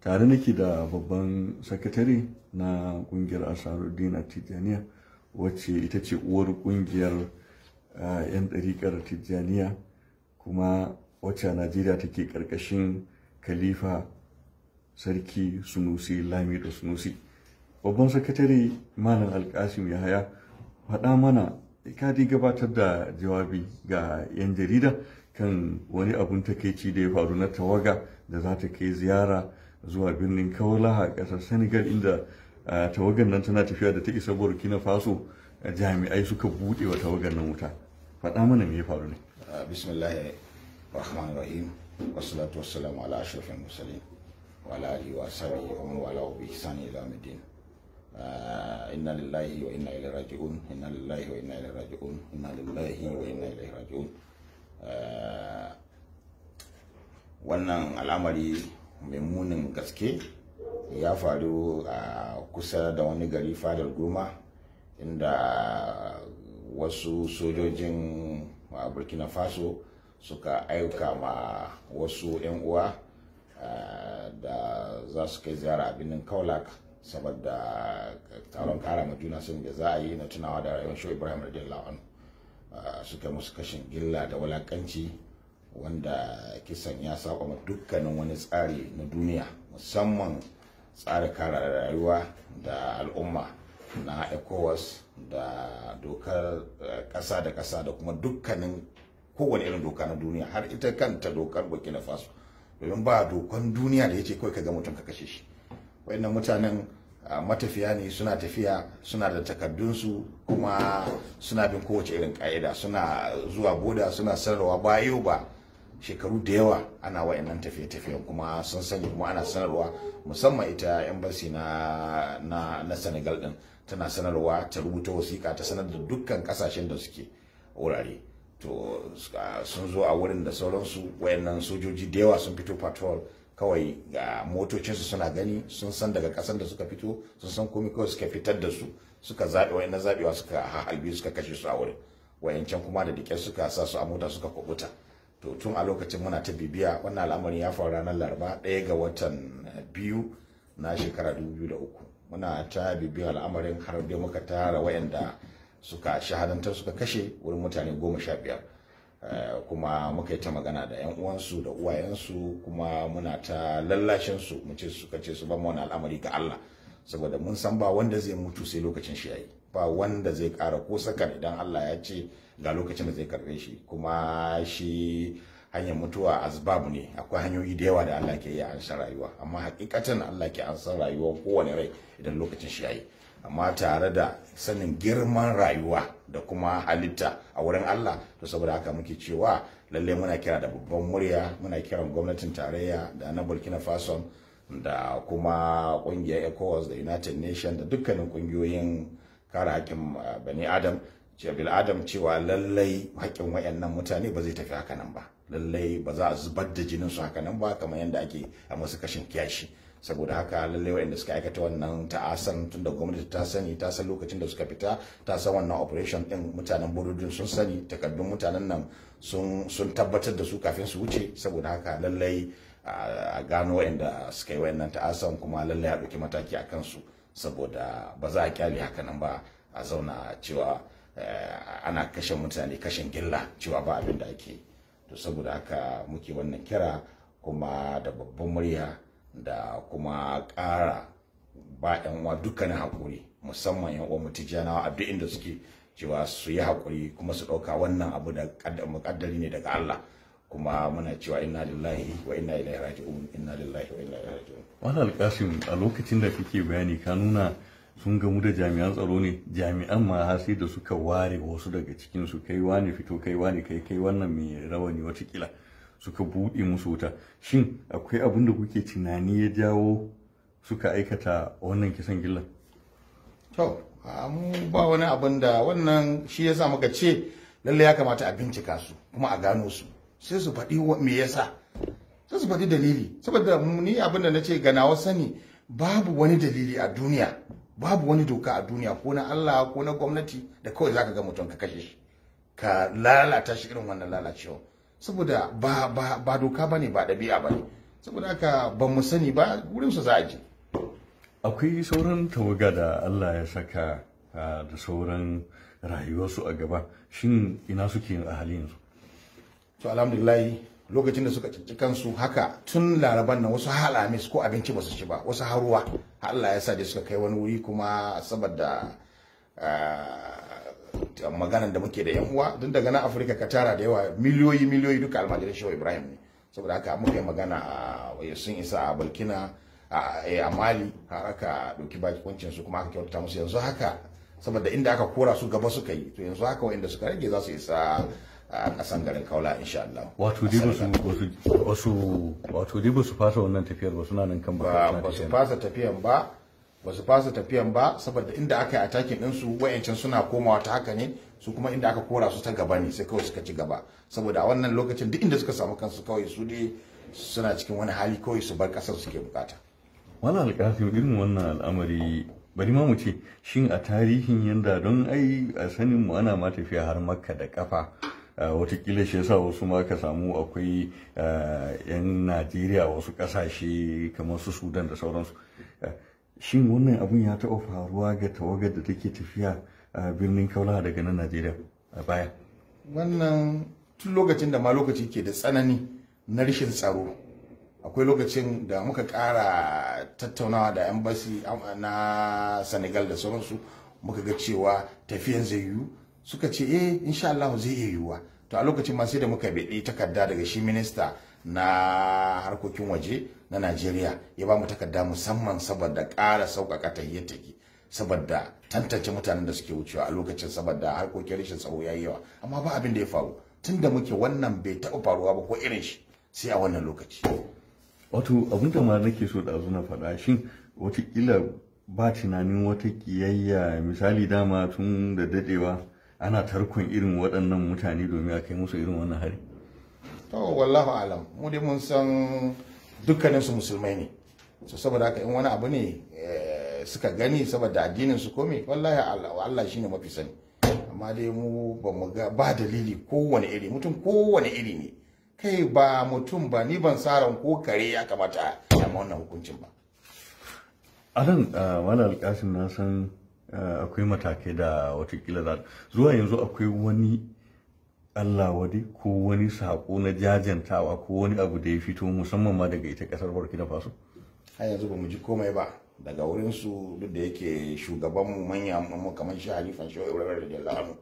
tare nake da babban sakatare na kungiyar asaruddin a tijjaniya wacce ita ce uwar kungiyar yan eh, ɗariƙar tijjaniya kuma wacce a najeriya take ƙarƙashin khalifa sarki sunusi lamido sunusi babban sakatare malam alkasim haya, faɗa mana eh, ka gabatar da jawabi ga 'yan jarida kan wani abun takaici da ya faru na tawaga da za ta kai ziyara zuwa birnin kaulaha a ƙasar senegal inda tawagar nan tana tafiya da ta isa burkina faso jami'ai suka buɗe wa tawagar nan wuta faɗa mana me ya faru ne bismillahi rahman rahim wasu wassalamu ala ashrafil mursalin wa ala alihi wa sahbihi wa man wala bi ihsani ila yawmiddin inna lillahi wa inna ilaihi raji'un inna lillahi wa inna ilaihi raji'un inna lillahi wa inna ilaihi raji'un wannan al'amari mai munin gaske ya faru a kusa da wani gari fadar goma inda wasu sojojin burkina faso suka aika ma wasu 'yan uwa da za su kai ziyara a birnin kaulak saboda taron kara ma juna sun da za a yi na tunawa da rayuwar shi ibrahim radiyallahu anhu suka musu kashin gilla da wulakanci wanda kisan ya saba ma dukkanin wani tsari na duniya musamman tsari kare rayuwa da al'umma na ecowas da dokar eh, ƙasa da ƙasa da kuma dukkanin kowane irin doka na duniya har ita kanta dokar burkina faso domin ba dokan duniya da yake kawai ka ga mutum ka kashe shi wayannan mutanen eh, matafiya ne suna tafiya suna da takardunsu kuma suna bin kowace irin ka'ida suna zuwa boda suna sanarwa ba yau ba shekaru da yawa ana wa'annan tafiye-tafiyen kuma sun sani kuma ana sanarwa musamman ita embassy na na, Senegal din tana sanarwa ta rubuta wasiƙa ta sanar da dukkan kasashen da suke wurare to sun zo a wurin da sauransu wayannan sojoji da yawa sun fito patrol kawai ga motocinsu suna gani sun san daga kasar da suka fito sun san komai kawai suka fitar da su suka zaɓe wayannan zaɓewa suka halbi suka kashe su a wurin wayancan kuma da dike suka sa su a mota suka kwabuta to tun a lokacin muna ta bibiya wannan al'amarin ya faru ranar laraba ɗaya ga watan eh, biyu na shekara 2003 muna ta bibiya al'amarin har da muka tara wayanda suka shahadantar suka kashe wurin mutane goma sha biyar eh, kuma muka yi ta magana da yan uwansu da uwayensu kuma muna ta lallashinsu, su mu ce suka ce su ban wani al'amari ga Allah saboda mun san ba wanda zai mutu sai lokacin shi yayi ba wanda zai ƙara ko sakar idan Allah ya ce ga lokacin da zai karbe shi kuma shi hanyar mutuwa azbabu ne akwai hanyoyi da yawa da Allah ke yi ansa rayuwa amma hakikatan Allah ke ansar rayuwa kowane rai idan lokacin shi yayi amma tare da sanin girman rayuwa da kuma halitta a wurin Allah to saboda haka muke cewa lalle muna kira da babban murya muna kiran gwamnatin tarayya da na Burkina Faso da kuma kungiyar ECOWAS da United Nations da dukkanin kungiyoyin kare hakkin uh, bani adam cewa bil adam cewa lallai hakkin wayannan mutane ba zai tafi haka nan ba lallai ba za a zubar da jinin su haka nan ba kamar yadda ake a musu kashin kiyashi saboda haka lallai wayanda suka aikata wannan ta'asan tun da gwamnati ta sani ta san lokacin da suka fita ta san wannan operation din mutanen burudin sun sani takardun mutanen nan sun sun tabbatar da su kafin su wuce saboda haka lallai uh, a gano wayanda suka yi wayannan ta'asan kuma lallai a ɗauki mataki a kansu saboda ba za a kyale haka nan ba a zauna cewa eh, ana kashe mutane kashin gilla cewa ba abin da ake to saboda haka muke wannan kira kuma da babban murya da kuma ƙara ba yan uwa dukkanin haƙuri musamman yan uwa mutijanawa a duk inda suke cewa su yi haƙuri kuma su ɗauka wannan abu da muƙaddari ne daga Allah kuma muna cewa inna lillahi wa inna ilaihi raji'un inna lillahi wa inna ilaihi raji'un wannan alƙasim a lokacin da kake bayani ka nuna sun gamu da jami'an tsaro ne jami'an ma har sai da suka ware wasu daga cikin su kai wani fito kai wani kai kai wannan mai rawani watakila suka buɗe musu wuta shin akwai abin da kuke tunani ya jawo suka aikata wannan kisan gillan to mu ba wani abin da wannan shi yasa muka ce lallai ya kamata a bincika su kuma a gano su sai su faɗi me yasa sai su faɗi dalili saboda ni abin da na ce ga nawa sani babu wani dalili a duniya babu wani doka a duniya ko na Allah ko na gwamnati da kawai zaka ga mutum ka kashe shi ka lalata shi irin wannan lalacewa saboda ba ba ba doka bane ba ɗabi'a bane saboda haka ba mu sani ba wurin su za a je akwai sauran tawaga da Allah ya saka ah, da sauran rayuwarsu a gaba shin ina suke a halin yanzu to alhamdulillah lokacin da suka cici kansu haka tun laraban nan wasu halamis ko abinci basu ci ba wasu haruwa Allah ya sa da suka kai wani wuri kuma saboda ah, maganan da muke da yan uwa don daga nan Afirka ka tara da yawa miliyoyi miliyoyi duka almajirin Shehu Ibrahim ne saboda haka muka yi magana a ah, sun isa a Burkina ah, eh, a Mali har aka dauki bakuncin su kuma aka kyauta musu yanzu haka saboda inda aka kora su gaba suka yi to yanzu haka inda suka rage za su isa a kasan garin kaula insha Allah wato dai ba su su wato dai ba su fasa wannan tafiyar ba suna nan kan ba ba su fasa tafiyan ba ba su fasa tafiyan ba saboda inda aka yi attacking din su wayancan suna komawa ta haka ne su kuma inda aka kora su ta gaba ne sai kawai suka ci gaba saboda a wannan lokacin duk inda suka samu kansu kawai su dai suna cikin wani hali kawai su bar kasar suke bukata wani alƙasi irin wannan al'amari bari ma mu ce shin a tarihin yanda don ai a sanin mu ana ma tafiya har makka da kafa Eh, watakila shi yasa wasu ma ka samu akwai eh, 'yan najeriya wasu kasashe kamar su sudan da sauransu eh, shin wannan abun ya taɓa faruwa ga tawagar da take tafiya a birnin kaula daga nan najeriya a baya wannan tun lokacin da ma lokaci ke da tsanani na rashin tsaro akwai lokacin da muka ƙara tattaunawa da embassy na senegal da sauransu muka ga cewa tafiyan zai yiwu suka ce eh insha Allah zai iya yiwuwa to a lokacin ma sai da muka bedi takarda daga shi minista na harkokin waje na Najeriya ya ba mu takarda musamman saboda ƙara sauƙaƙa tahiyyar take saboda tantance mutanen da suke wucewa a lokacin saboda harkokin rashin tsaro yi yawa amma ba abin da ya faru tunda muke wannan bai taɓa faruwa ba ko irin shi sai a wannan lokaci wato abin da ma nake so da na faɗa shin watakila ba tunanin wata kiyayya misali dama tun da dadewa ana tarkon irin waɗannan mutane domin a kai musu irin wannan hari to wallahu alam mu dai mun san dukkanin su musulmai ne so saboda haka in wani abu ne eh, suka gani saboda addinin su kome wallahi Allah shine mafi sani amma dai mu ba mu ga ba dalili kowane iri mutum kowane iri ne kai ba mutum ba ni ban saran ko kare ya kamata a wannan hukuncin ba a nan wani ah, alƙasin na san Eh, akwai matakai da watakila za zuwa yanzu akwai wani Allah wade ko wani saƙo na jajantawa ko wani abu da ya fito musamman ma daga ita ƙasar Burkina Faso? Har yanzu ba mu ji komai ba daga wurinsu duk da yake shugabanmu manya mu kamar shi halifan Halifa Shehu Ibrahim Radiyallahu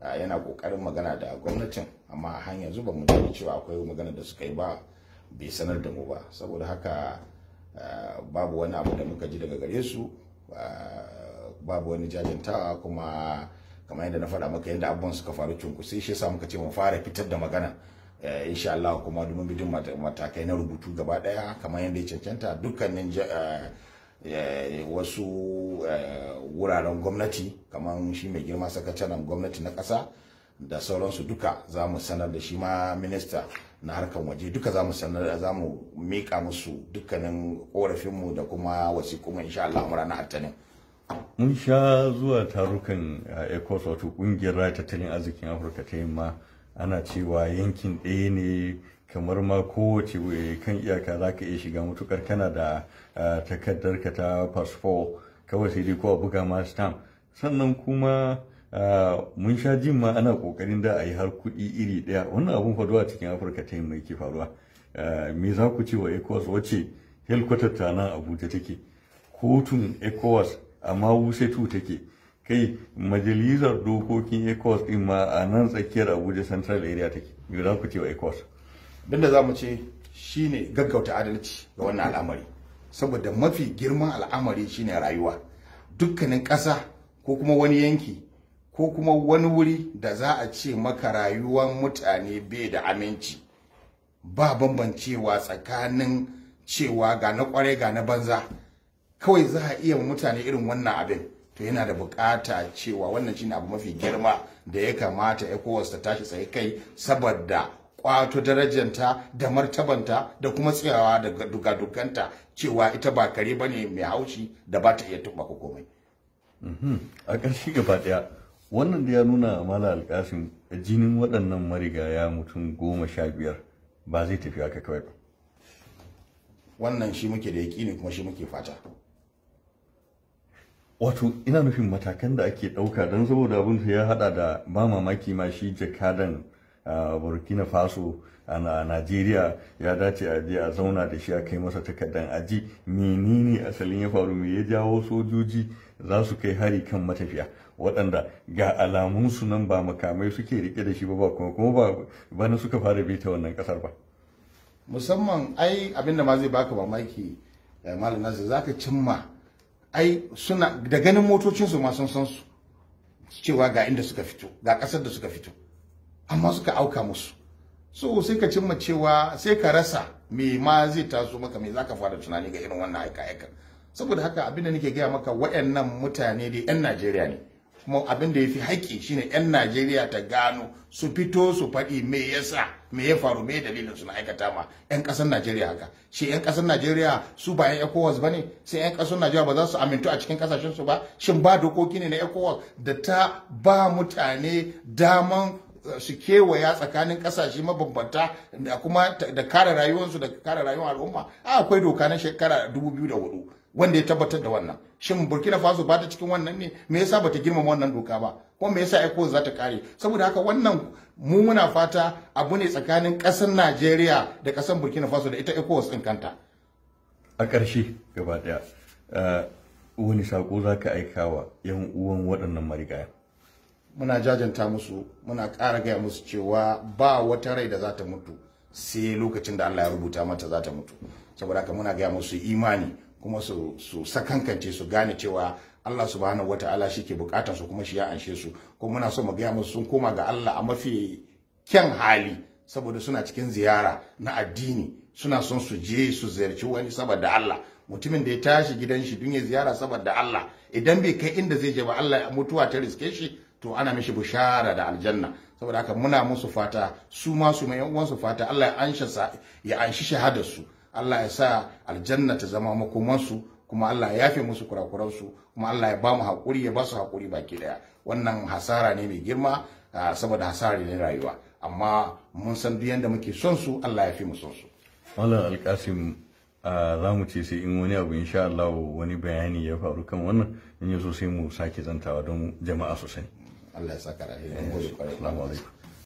eh, yana kokarin magana da gwamnatin amma har yanzu ba mu ji cewa akwai magana da suka yi ba bai sanar da mu ba saboda haka eh, babu wani abu da muka ji daga gare su babu wani jajantawa kuma kamar yadda na faɗa maka yadda abubuwan suka faru sai shi yasa muka ce mu fara fitar da magana eh, insha Allah kuma domin bidin matakai na rubutu gaba daya kamar yadda ya cancanta dukkanin eh, eh, wasu wuraren gwamnati kamar shi mai girma sakataren gwamnati na kasa da sauransu duka za mu sanar da shi ma minista na harkan waje duka za mu sanar za mu miƙa musu dukkanin ƙorafinmu da kuma wasiƙu insha Allah mu ranar Altanin. mun sha zuwa tarukan ecos wato kungiyar raya tattalin arzikin afirka ta yamma ana cewa yankin ɗaya ne kamar ma kowace eh, kan iyaka za ka iya shiga matukar kana da takardar ka ta fasfo kawai sai dai kowa buga ma stamp sannan kuma mun sha jin ma ana kokarin da a yi har kuɗi iri ɗaya wannan abun faruwa cikin afirka ta yamma yake faruwa me za ku ce wa ecos wace helkwatar ta nan abuja take kotun ecos amma wusetu take kai majalisar dokokin ecos din ma a nan tsakiyar abuja central area take biyu za ku ce wa ecos don da za ce shine gaggauta adalci ga wannan al'amari saboda mafi girman al'amari shine rayuwa dukkanin ƙasa ko kuma wani yanki ko kuma wani wuri da za a ce maka rayuwar mutane bai da aminci ba bambancewa tsakanin cewa ga na kwarai ga na banza kawai za a iya mutane irin wannan abin to yana da bukata cewa wannan shine abu mafi girma da ya kamata ECOWAS ta tashi tsaye kai saboda kwato darajanta da martabanta da kuma tsayawa da dugaduganta cewa ita ba kare bane mai haushi da ba ta iya tuba komai mhm. a ƙarshe gaba daya wannan da ya nuna mala alkasin jinin waɗannan marigaya mutum goma sha biyar ba zai tafi haka kawai ba wannan shi muke da ne kuma shi muke fata wato ina nufin matakan da ake ɗauka don saboda abin ya hada da ba mamaki ma shi jakadan burkina faso a najeriya ya dace a je a zauna da shi a kai masa takardan aji menene asalin ya faru me ya jawo sojoji za su kai hari kan matafiya waɗanda ga alamun su nan ba makamai suke rike da shi ba kuma kuma ba bana suka fara bita wannan kasar ba musamman ai abinda ma zai baka mamaki eh, malam nasir zaka cimma ai suna da ganin motocinsu ma sun san su cewa ga inda suka fito ga ƙasar da suka fito amma suka auka musu so sai ka cimma cewa sai ka rasa me ma zai taso maka me zaka fara tunani ga irin wannan aika aika saboda haka abin da nake gaya maka waɗannan mutane dai 'yan Najeriya ne kuma abin da ya fi haƙƙi shine 'yan najeriya ta gano su fito su faɗi me yasa me ya faru me dalilin suna aikata ma 'yan ƙasar najeriya haka shi 'yan ƙasar najeriya su ba 'yan ecowas ba ne sai 'yan ƙasar najeriya ba za su amintu a cikin ƙasashen su ba shin ba dokoki ne na ecowas da ta ba mutane daman eh, su kewaya tsakanin ƙasashe mabambanta da kuma da kare rayuwarsu da kare rayuwar al'umma akwai doka na shekara 2004 wanda ya tabbatar da wannan shin burkina faso ba ta cikin wannan ne me yasa bata girmama wannan doka ba ko me yasa ECOWAS za ta kare saboda haka wannan mu muna fata abu ne tsakanin ƙasar najeriya da ƙasar burkina faso da ita ecowas ɗin kanta a ƙarshe gaba eh, wani saƙo za ka aika wa 'yan uwan waɗannan marigaya muna jajanta musu muna ƙara gaya musu cewa ba wata rai da za ta mutu sai lokacin da allah ya rubuta mata za ta mutu saboda haka muna gaya musu imani kuma su su sakankance su gane cewa Allah subhanahu wata'ala shi ke su kuma shi ya anshe su kuma muna so mu gaya musu sun koma ga Allah a mafi kyan hali saboda suna cikin ziyara na addini suna son su je su ziyarci wani saboda Allah mutumin da ya tashi gidan shi dun ya ziyara saboda Allah idan bai kai inda zai je ba Allah ya mutuwa ta riske shi to ana mishi bushara da aljanna saboda haka muna musu fata su ma su mai uwan su fata Allah ya sa, ya anshi shahadar su Allah ya sa aljanna ta zama makomansu kuma Allah ya yafe musu kurakuransu kuma Allah ya ba mu haƙuri ya ba su hakuri baki daya wannan hasara ne mai girma saboda hasara ne rayuwa amma mun san duk yanda muke son su Allah ya fi mu son su Allah Alkasim za mu ce sai in wani abu insha Allah wani bayani ya faru kan wannan in yaso sai mu sake zantawa don jama'a su sani Allah ya saka Assalamu alaikum.